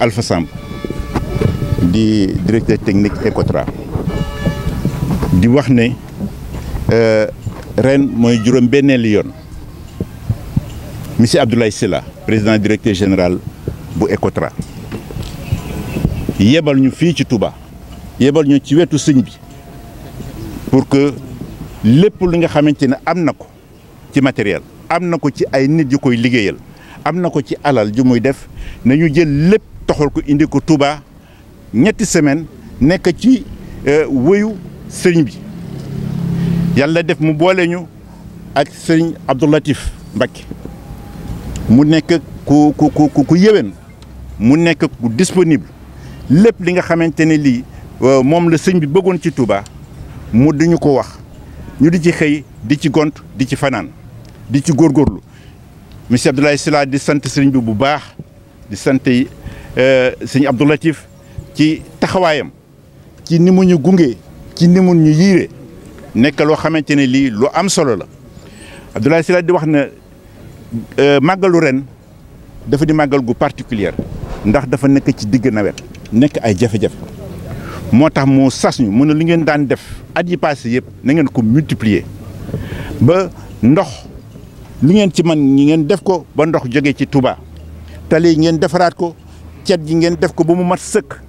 Alpha Samb di directeur technique Ecotra di wax ne euh, ren mooy juróom benneelu yoon monsieur Abdoulaye Sylla président directeur général bu Ecotra yebal ñu fii ci Touba yebal ñu ci wetu sëñ bi pour que lépp li nga xamante ne am na ko ci matériel am na ko ci ay nit yu koy liggéeyal am na ko ci alal ju muy def nañu jël lépp toxal ko indi ko Touba ñetti semaine nekk ci euh, wëyu sëriñ bi yàlla def mu boole ñu ak sëriñ Abdou Latif mu nekk ku ku ku ku yéwén mu nekk ku disponible lépp li nga xamante ni lii euh, moom la sëñ bi bëggoon ci Touba mu duñu ko wax ñu di ci xëy di ci gont di ci fanaan di ci góor góorlu monsieur Abdoulaye Sylla di sant sëriñ bi bu baax di sant Euh, sëñ Abdou ci taxawaayam ci ni mu gunge ci ni ñu yiire nekk loo xamante ne lii lu am solo la Abdoulaye Sylla di wax na euh, màggalu ren dafa di màggal gu particulier ndax dafa nekk ci digg nawet nekk ay jafe-jafe moo tax mu sas ñu mën ne li ngeen daan def at yi passé yëpp na ngeen ko multiplier ba ndox lu ngeen ci man ñi ngeen def ko ba ndox jógee ci Touba tali ngeen defaraat ko cet ji ngeen def ko ba mu mat sëkk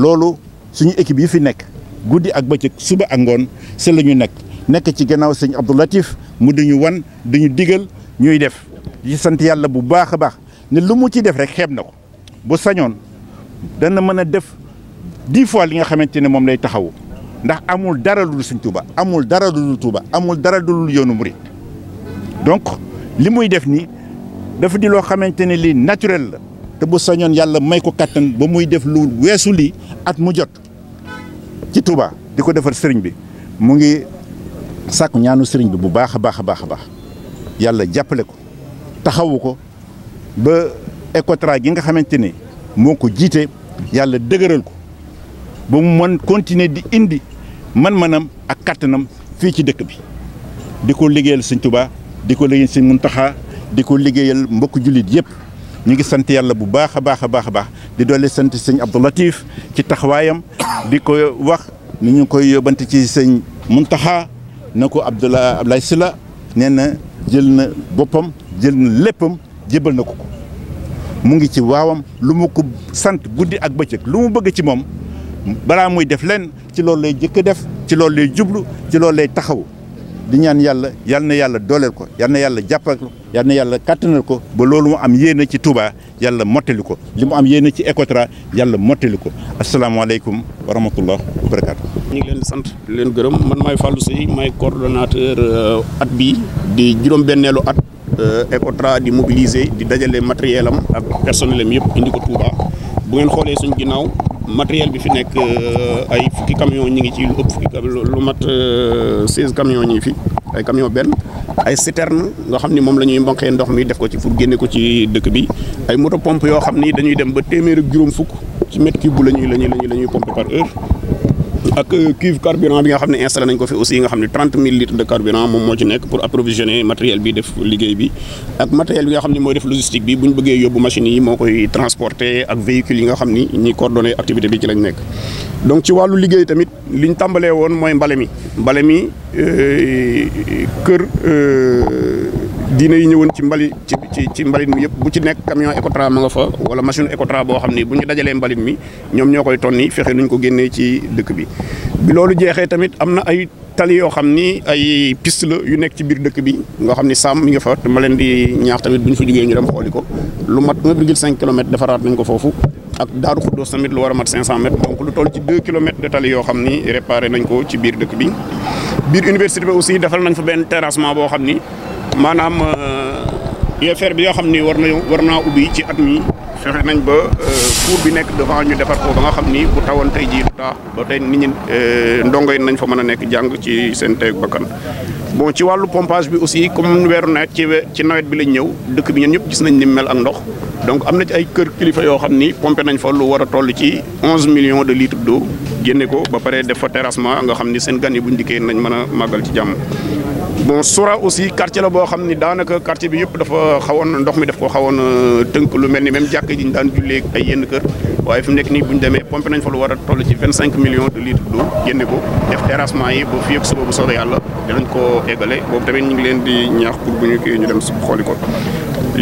loolu suñu équipe yu fi nekk guddi ak bëccëg suba ak ngoon si la ñu nekk nekk ci gannaaw sëñ Abdou Latif mu duñu wan duñu diggal ñuy def di sant yàlla bu baax a baax ne lu mu ci def rek xeeb na ko bu sañoon dana mën a def di fois li nga xamante ne moom lay taxawu ndax amul dara lu dul sëñ Touba amul dara lu dul Touba amul dara lu dul yoonu murit donc li muy def nii dafa di loo xamante ne lii naturel la te bu sañoon yàlla may ko kattan ba muy def lu weesu lii at mu jot ci tubaa di ko defar sëriñ bi mu ngi sàkku ñaanu sëriñ bi bu baax a baax a baax a baax yàlla jàppale ko taxawu ko ba Ecotra gi nga xamante ni moo ko jiitee yàlla dëgëral ko ba mu mën continuer di indi man-manam ak kattanam fii ci dëkk bi di ko liggéeyal sëñ Touba di ko liggéeyal sëñ Muntaxa di ko liggéeyal mbokku jullit yëpp. ñu ngi sant yàlla bu baax a baax a baax a baax di dolli sant sëñ Abdou ci taxawaayam di koy wax nu ñu koy yóbbante ci sëñ Muntaxa na ko Abdoulaye lay Sylla nee na jël na boppam jël na léppam jébal na ko ko mu ngi ci waawam lu mu ko sant guddi ak bëccëg lu mu bëgg ci moom balaa muy def lenn ci loolu lay jëkk def ci loolu lay jublu ci loolu lay taxaw di ñaan yàlla yal na yàlla dooleel ko yal yàlla jàppal ko yal na yàlla kàttanal ko ba loolu mu am yéene ci Touba yàlla mottali ko li mu am yéene ci Ecotra yàlla mottali ko asalaamaaleykum wa rahmatullah wa barakaatu. ñu ngi leen di sant di leen gërëm man maay Fallou Seye maay coordonnateur euh, at bi di juróom-benneelu at euh, Ecotra di mobiliser di dajale matériel am ak personnel am yëpp indi ko Touba bu ngeen xoolee suñ ginnaaw. matériel bi fi nekk euh, ay fukki camion ñi ngi ci lu ëpp fukki lu mat 16 euh, camion ñi fi ay camion benn ay citerne nga xam ni moom la ñuy mbonkee ndox mi def ko ci pour génne ko ci dëkk bi ay moto pompe yoo xam ni dañuy dem ba téeméer ak juróom fukk ci mètre bu la ñuy la ñuy la ñuy pomper par heure ak euh, cuve carburant bi nga xam ne installé nañ ko fi aussi nga xam ne trente mille litres de carburant moom moo ci nekk pour approvisionner matériel bi def liggéey bi ak matériel bi nga xam ne mooy def logistique bi bu ñu bëggee yóbbu machines yi moo koy transporter ak véhicules yi nga xam ni ñi coordonné activité bi ci lañ nekk donc ci wàllu liggéey tamit li ñu tàmbalee woon mooy mbale mi mbale mi euh, kër euh, diine yi ñëwoon ci mbali ci ci ci mbalit mi yëpp bu ci nekk camion Ecotra ma nga fa wala machine Ecotra boo xam ni bu ñu dajalee mbalit mi ñoom ñoo koy tonni fexe nuñ ko génnee ci dëkk bi. dëkk bi nga xam ni sàmm mi nga fa te ma leen di ñaax tamit bu ñu fa jógee ñu xooli ko lu mat 1,5 defaraat nañ ko foofu. ak Daaru Xuddoos tamit lu war a mat 500 mètres lu toll ci 2 kilomètres de tali yoo xam ni réparé nañ ko ci biir dëkk bi biir université bi aussi defal maanaam euh, UFR bi yoo xam ni war na war naa ubbi ci at mi fexe nañ ba euh, cours bi nekk devant ñu defar ko ba nga xam ni bu tawoon tey jii du taa ba tey nit ñi euh, ndongo yi nañ fa mën a nekk jàng ci seen tey bakkan bon ci wàllu pompage bi aussi comme weeru nawet ci ci nawet bi lañ ñëw dëkk bi ñun ñëpp gis nañ ni mel ak ndox donc am na ay kër kilifa yoo xam ni pompé nañ fa lu war a toll ci onze millions de litres do génne ko ba pare def fa terrassement nga xam ni seen gan yi buñ dikkee nañ mën a màggal ci jàmm. bon Soura aussi quartier la boo xam ni daanaka quartier bi yëpp dafa xawoon ndox mi daf ko xawoon euh, tënk lu mel ni même jàkk ji ñu daan jullee ay yenn kër waaye fi mu nekk nii bu ñu demee pompé nañ fa lu war a toll ci vingt cinq millions de litres d'eau génne ko def terrassement yi ba fii ak suba bu soobee yàlla dinañ ko eggale boobu tamit ñu ngi leen di ñaax pour bu ñu kii ñu dem xooli ko.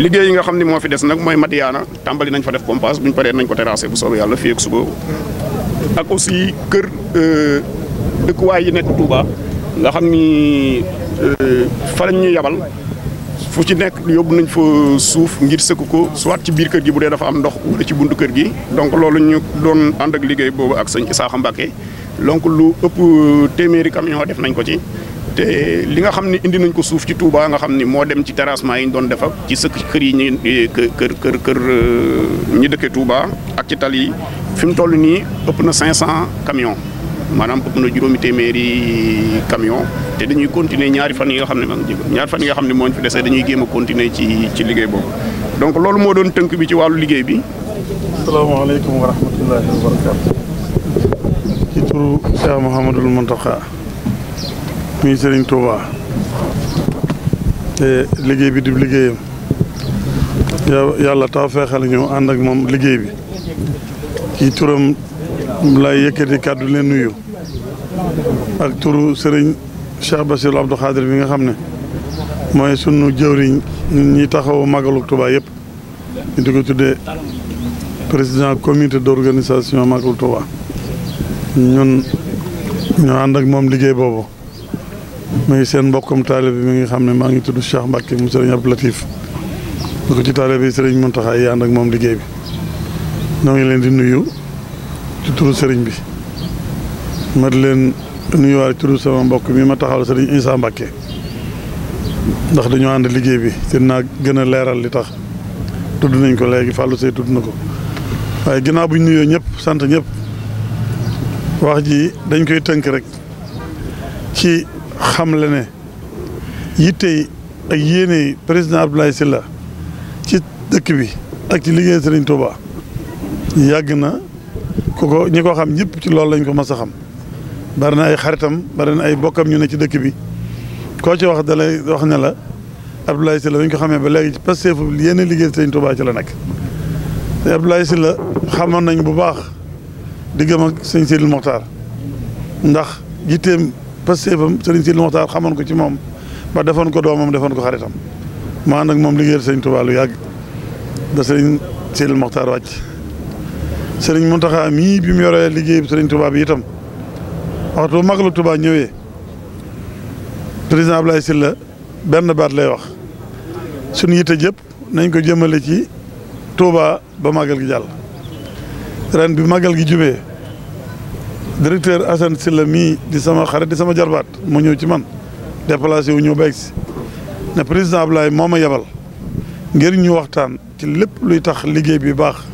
liggéey yi nga xam ni moo fi des nag mooy Madiana tàmbali nañ def pompage bu ñu paree nañ ko terrassé bu soobee yàlla ak aussi kër euh, dëkkuwaay yi nekk Touba nga xam ni euh, fa lañ ñu yabal fu ci nekk yóbbu nañ fa suuf ngir sëkk ko soit ci biir kër gi bu dee dafa am ndox wala ci buntu kër gi donc loolu ñu doon ànd ak liggéey boobu ak sëñ Isaaxa Mbàkke donc lu ëpp téeméeri camion def nañ ko ci te li nga xam ne indi nañ ko suuf ci Touba nga xam ni moo dem ci terrassement yi ñu doon def ak ci sëkk kër yi ñu eh, kër kër kër euh, ñu dëkkee Touba ak ci tali yi fi mu toll nii ëpp na 500 camions maanaam ëpp na juróomi téeméeri camion te dañuy continuer ñaari fan yi nga xam ne maa ngi ñaari fan yi nga xam ne moo ñu fi desee dañuy géem a continuer ci ci liggéey boobu donc loolu moo doon tënk bi ci wàllu liggéey bi. asalaamaaleykum wa rahmatullahi wa barakaatu. ci turu Cheikh Mouhamadul muy Serigne Touba te liggéey bi di liggéeyam yàlla taw feexal ñu ànd ak moom liggéey bi kii turam lay yëkkati kàddu leen nuyu ak turu sëriñ Cheikh Bassirou Abdou Khadir bi nga xam ne mooy sunu jëwriñ ñi taxaw magalu Touba yëpp ñu di ko tuddee président comité d'organisation magalu Touba ñun ñoo ànd ak moom liggéey boobu. muy seen mbokkum bi mi ngi xam ne maa ngi tudd Cheikh Mbacke mu sëriñ Abdou Latif bu ko ci taalibe bi sëriñ Mountakha yi ànd ak moom liggéey bi ñoo ngi leen di nuyu ci turu sëriñ bi ma di leen nuyuwaale ci turu sama mbokk mi ma taxawal sëriñ Issa Mbacke ndax dañoo ànd liggéey bi seen naa gën a leeral li tax tudd nañ ko léegi Fallou Seye tudd na ko waaye ginnaaw bu ñu nuyoo ñëpp sant ñëpp wax ji dañ koy tënk rek xam la ne yitte ak yéene président si la ci dëkk bi ak ci liggéey Serigne Touba yàgg na ku ko ñi ko xam ñëpp ci loolu lañ ko mas a xam bari na ay xaritam bari na ay bokkam ñu ne ci dëkk bi koo ci wax da lay wax ne la Abdoulaye Sylla dañ ko xamee ba léegi ci Pastef yenn liggéey Serigne Touba ci la nekk te Abdoulaye xamoon nañ bu baax diggam ak sëñ Sidil Mokhtar ndax jitteem pastéefam sëriñ Sidi Moxtaar xamoon ko ci moom ba defoon ko doomam defoon ko xaritam maa nag moom liggéeyal sëriñ Tuubaa lu yàgg ba sëriñ Sidi Moxtaar wàcc sëriñ Muntaxa mii bi mu yoree liggéey bi sëriñ Tuubaa bi itam waxtu magalu Tuubaa ñëwee président Abdoulaye Sylla benn baat lay wax suñu yitte jëpp nañ ko jëmale ci Tuubaa ba màggal gi jàll ren bi màggal gi jubee directeur Assane Sylla mii di sama xarit di sama jarbaat mu ñëw ci man déplacé wu ñëw beeg si ne président Ablaye moo ma yebal ngir ñu waxtaan ci lépp luy tax liggéey bi baax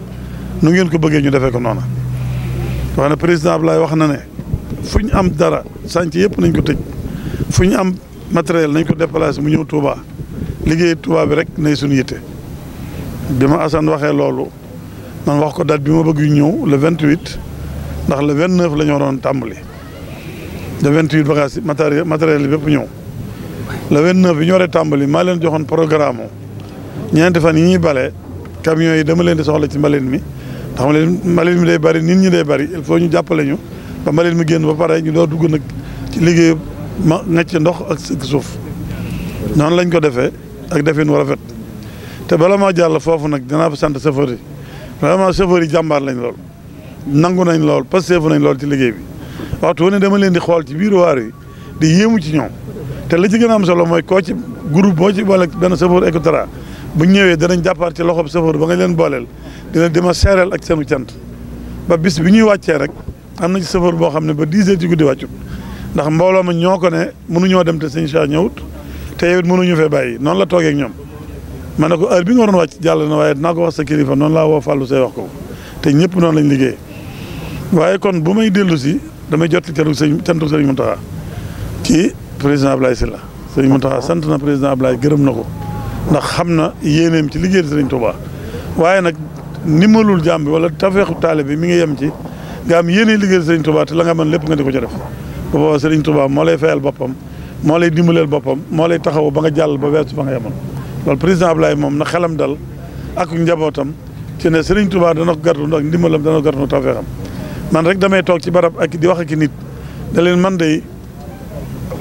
nu ngeen ko bëggee ñu defee ko noona wax ne président Ablaye wax na ne fu ñu am dara sànc yëpp nañ ko tëj fu ñu am matériel nañ ko déplacé mu ñëw Touba liggéey Touba bi rek nay suñu yitte bi ma Assane waxee loolu man wax ko date bi ma bëgg ñu ñëw le 28. ndax le 29 la ñoo waroon tàmbali da 28 bagage matériel matériel bépp ñëw le 29 bi ñoo dee tàmbali maa leen joxoon programme ñeenti fan yi ñuy bale camions yi dama leen di soxla ci mbalit mi ndax mbalit mi day bari nit ñi day bari il faut ñu jàppale ñu ba mbalit mi génn ba pare ñu doo dugg nag ci liggéey ma ngacc ndox ak suuf noonu lañ ko defee ak defin war a fet te bala maa jàll foofu nag dinaa fa sant chauffeur yi vraiment chauffeur yi jàmbaar lañ loolu nangu nañ lool pasteefu nañ lool ci liggéey bi waxtu wane dama leen di xool ci biiru waar yi di yéemu ci ñoom te la ci gën am solo mooy koo ci groupe boo ci boole benn chauffeur Ecotra bu ñëwee danañ jàppaat ci loxob chauffeur ba nga leen booleel di leen dima seereel ak seenu cant ba bis bi ñuy wàccee rek am na ci chauffeur boo xam ne ba 10 heures ci guddi wàccut ndax mbooloo ma ñoo ko ne mënuñoo dem te sëñ Cheikh ñëwut te yow mënuñu fee bàyyi noonu la toogee ñoom ma ne ko heure bi nga waroon wàcc jàll na waaye dinaa ko wax sa kilifa noonu woo Fallou say wax ko te ñëpp noonu lañ liggéey waaye kon bu may dellu si damay jot ci cantu sëñ cantu sëñ Mountakha ci président Ablaye Sylla sëñ Mountakha ah. sant na président Ablaye gërëm na ko ndax xam na yéeneem ci liggéey sëriñ Touba waaye nag nimmalul jàmm bi wala tafeexu taale bi mi ngi yem ci nga am yéene liggéey sëriñ Touba te la nga mën lépp nga di ko ca def bu boobaa sëriñ Touba moo lay fayal boppam moo lay dimbaleel boppam moo lay taxaw ba nga jàll ba weesu ba nga yemoon loolu président Ablaye moom na xelam dal ak njabootam ci ne sëriñ Touba dana ko gàttu ak ndimbalam dana ko gàttu tafeexam man rek damay toog ci barab ak di wax ak nit da leen man day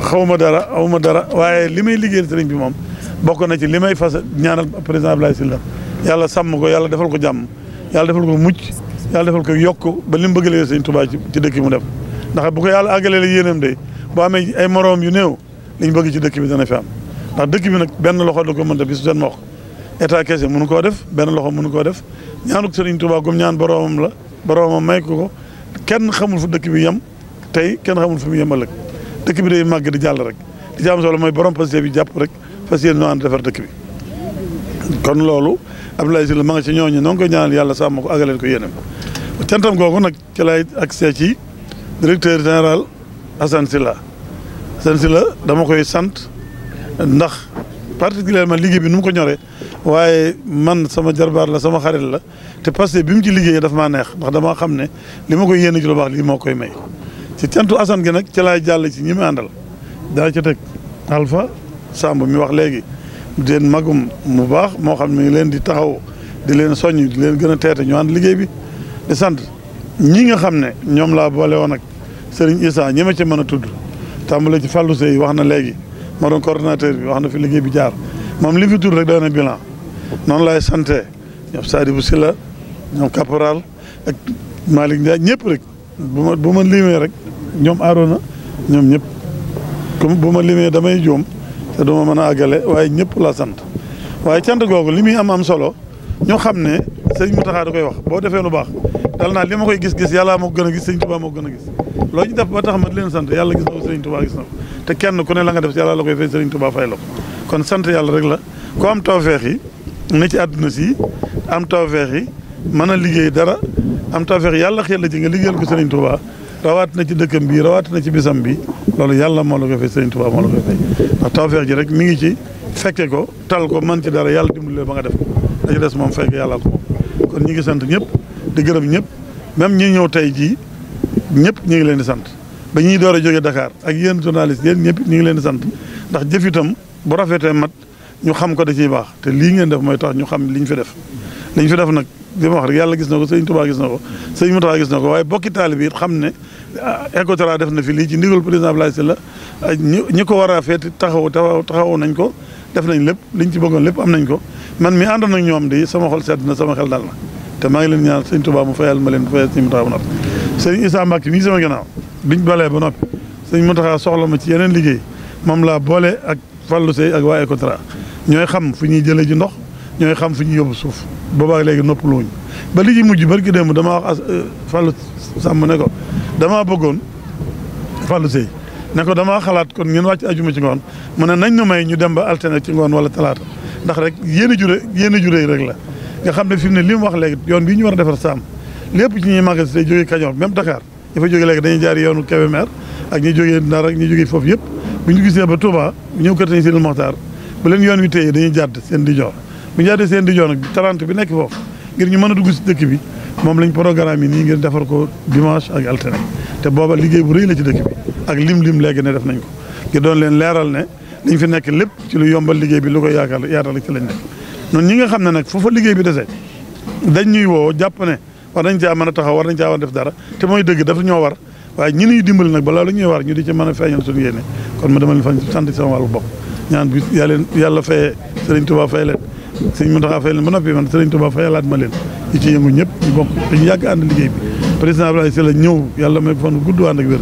xaw ma dara aw ma dara waaye li may liggéey liggéeyal sëriñ bi moom bokk na ci li may fas ñaanal président Abdoulaye la yàlla sàmm ko yàlla defal ko jàmm yàlla defal ko mucc yàlla defal ko yokk ba li mu bëgg liggéey sëriñ Tuubaa ci dëkk mu def ndax bu ko yàlla àggalee la yéenam dey boo amee ay moroom yu new liñ bëgg ci dëkk bi dana fi am ndax dëkk bi nag benn loxo da ko mënta bis seen mokk état kese mënu koo def benn loxo mënu koo def ñaanuk sëriñ Tuubaa gum ñaan boroomam la boroomam may ko ko kenn xamul fu dëkk bi yem tey kenn xamul fu mu yem ëllëg dëkk bi day màgg di jàll rek li ci am solo mooy borom Pastef bi jàpp rek fas yéene noo ànd defar dëkk bi. kon loolu Abdoulaye Sylla ma nga ci ñooñu noo ngi koy ñaanal yàlla sàmm ko àggaleen ko yéenam cantam googu nag laay ak see ci directeur général Assane Sylla Assane dama koy sant ndax particulièrement liggéey bi nu mu ko ñoree waaye man sama jarbaar la sama xarit la te Pastef bi mu ci liggéeyee daf maa neex ndax damaa xam ne li ma koy yéene ci lu baax lii moo koy may ci cantu Assane gi nag ci laay jàll ci ñi ma àndal daa ca teg alfa Samb mi wax léegi den magum bu baax moo xam ne leen di taxaw di leen soññ di leen gën a teete ñu ànd liggéey bi sant ñi nga xam ne ñoom laa boole woon ak Serigne Issa ñi ma ca mën a tudd tàmbale ci Fallou Seye wax na léegi ma doon coordonnateur bi wax na fi liggéey bi jaar moom li fi tudd rek doon na bilan noonu laay sante ñoom Sadibou Sylla ñoom caporal ak Malick Ndiaye rek bu ma bu ma limee rek ñoom Arona ñoom ñëpp comme bu ma limee damay joom te duma mën a àggale waaye ñëpp laa sant waaye cant googu li muy am am solo ñoo xam ne sëñ Mountakha da koy wax boo defee lu baax dal naa li ma koy gis-gis yàlla moo gën a gis sëñ Touba moo ko gën a gis ba tax ma leen sant yàlla gis na ko sëriñ Touba gis na ko te kenn ku ne la nga def yàlla la koy fay sëriñ Touba fay la kon sant yàlla rek la ku am tawfeex yi ci àdduna si am tawfeex yi mën a liggéey dara am tawfeex yàlla xel la ji nga liggéeyal ko Serigne Touba rawaat na ci dëkkam bi rawaat na ci bisam bi loolu yàlla moo la ko fay Serigne Touba moo la ko fay ndax tawfeex ji rek mi ngi ci fekke ko tal ko man ci dara yàlla dimbali ba nga def ko dañu des moom fekk yàlla ko moom kon ñi ngi sant ñëpp di gërëm ñëpp même ñi ñëw tey jii ñëpp ñu ngi leen di sant ba ñuy door a jógee Dakar ak yéen journaliste yéen ñëpp ñu ngi leen di sant ndax jëf itam bu rafetee mat ñu xam ko da ciy baax te lii ngeen def mooy tax ñu xam li ñu fi def liñ fi def nag li ma wax rek yàlla gis na ko sëñ Touba gis na ko sëñ Moutakha gis na ko waaye bokki taalibe yi xam ne ah, ECOTRA def na fi lii ci ndigal président Abdoulaye Sylla ah, ñi ñi ko war a feeti taxaw taxaw nañ ko def nañ lépp liñ ci bëggoon lépp am nañ ko man mi àndoon ak ñoom de sama xol sedd na sama xel daal na te maa ngi leen ñaan sëñ Touba mu fayal ma leen fayal sëñ Moutakha ba noppi sëñ Issa Mbacke mi ngi sama gannaaw biñ balee ba noppi sëñ Moutakha soxla ma ci yeneen liggéey moom laa boole ak Fallou Seye ak waa ECOTRA ñooy xam fu ñuy jëlee ji ndox ñooy xam fu ñu yóbbu suuf boobaak léegi noppaluwuñ ba li ci mujj barki démb dama wax euh, Fallou Samb ne ko damaa bëggoon Fallou Seye ne damaa xalaat kon ngeen wàcc ajuma ci ngoon mu ne nañ nu may ñu dem ba altine ci ngoon wala talaata ndax rek yéen a jure yéen a jure rek la nga xam ne fi ne li mu wax léegi yoon bii ñu war a defar saam lépp ci ñuy magasin tey jógee Kañoor même Dakar dafa jógee léegi dañuy jaar yoonu Kébémer ak ñu jógee Ndar ak ñi jógee foofu yëpp bu ñu gisee ba Touba ñëw kër Sëñ Sidi Moxtaar yoon wi téye dañuy jàdd seen di jox bu ñu daal seen di jox nag 30 bi nekk foofu ngir ñu mën a dugg si dëkk bi moom lañ programme yi nii ngir defar ko dimanche ak altine te booba liggéey bu rëy la ci dëkk bi ak lim-lim léegi ne def nañ ko ngir doon leen leeral ne liñ fi nekk lépp ci lu yombal liggéey bi lu ko yaakaar yaatal ci lañ nekk noonu ñi nga xam ne nag foofa liggéey bi desee dañ ñuy woo jàpp ne war nañ caa mën a taxaw war nañ caa war def dara te mooy dëgg dafa ñoo war waaye ñi ñuy dimbali balaa la ñuy war ñu di ci mën a feeñal kon ma dama leen fan sant sama wàllu bopp ñaan bi yàlla leen yàlla fay leen sëñ Mountakha fayal leen ba noppi man sëriñ Touba fayalaat ma leen ñi ci yëngu ñëpp bokk dañu yàgg ànd liggéey bi président Abdoulaye Sylla ñëw yàlla may ko fan gudd ànd ak wér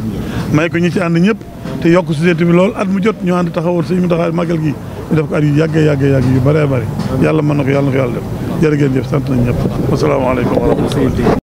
may ko ñi ci ànd ñëpp te yokk société bi lool at mu jot ñu ànd taxawoon sëñ Mountakha magal gi ñu def ko at yu yàggee yàggee yàgg yu bëree yàlla mën na ko yàlla na ko yàlla def jërë ngeen jëf sant nañ ñëpp wasalaamaaleykum wa rahmatulah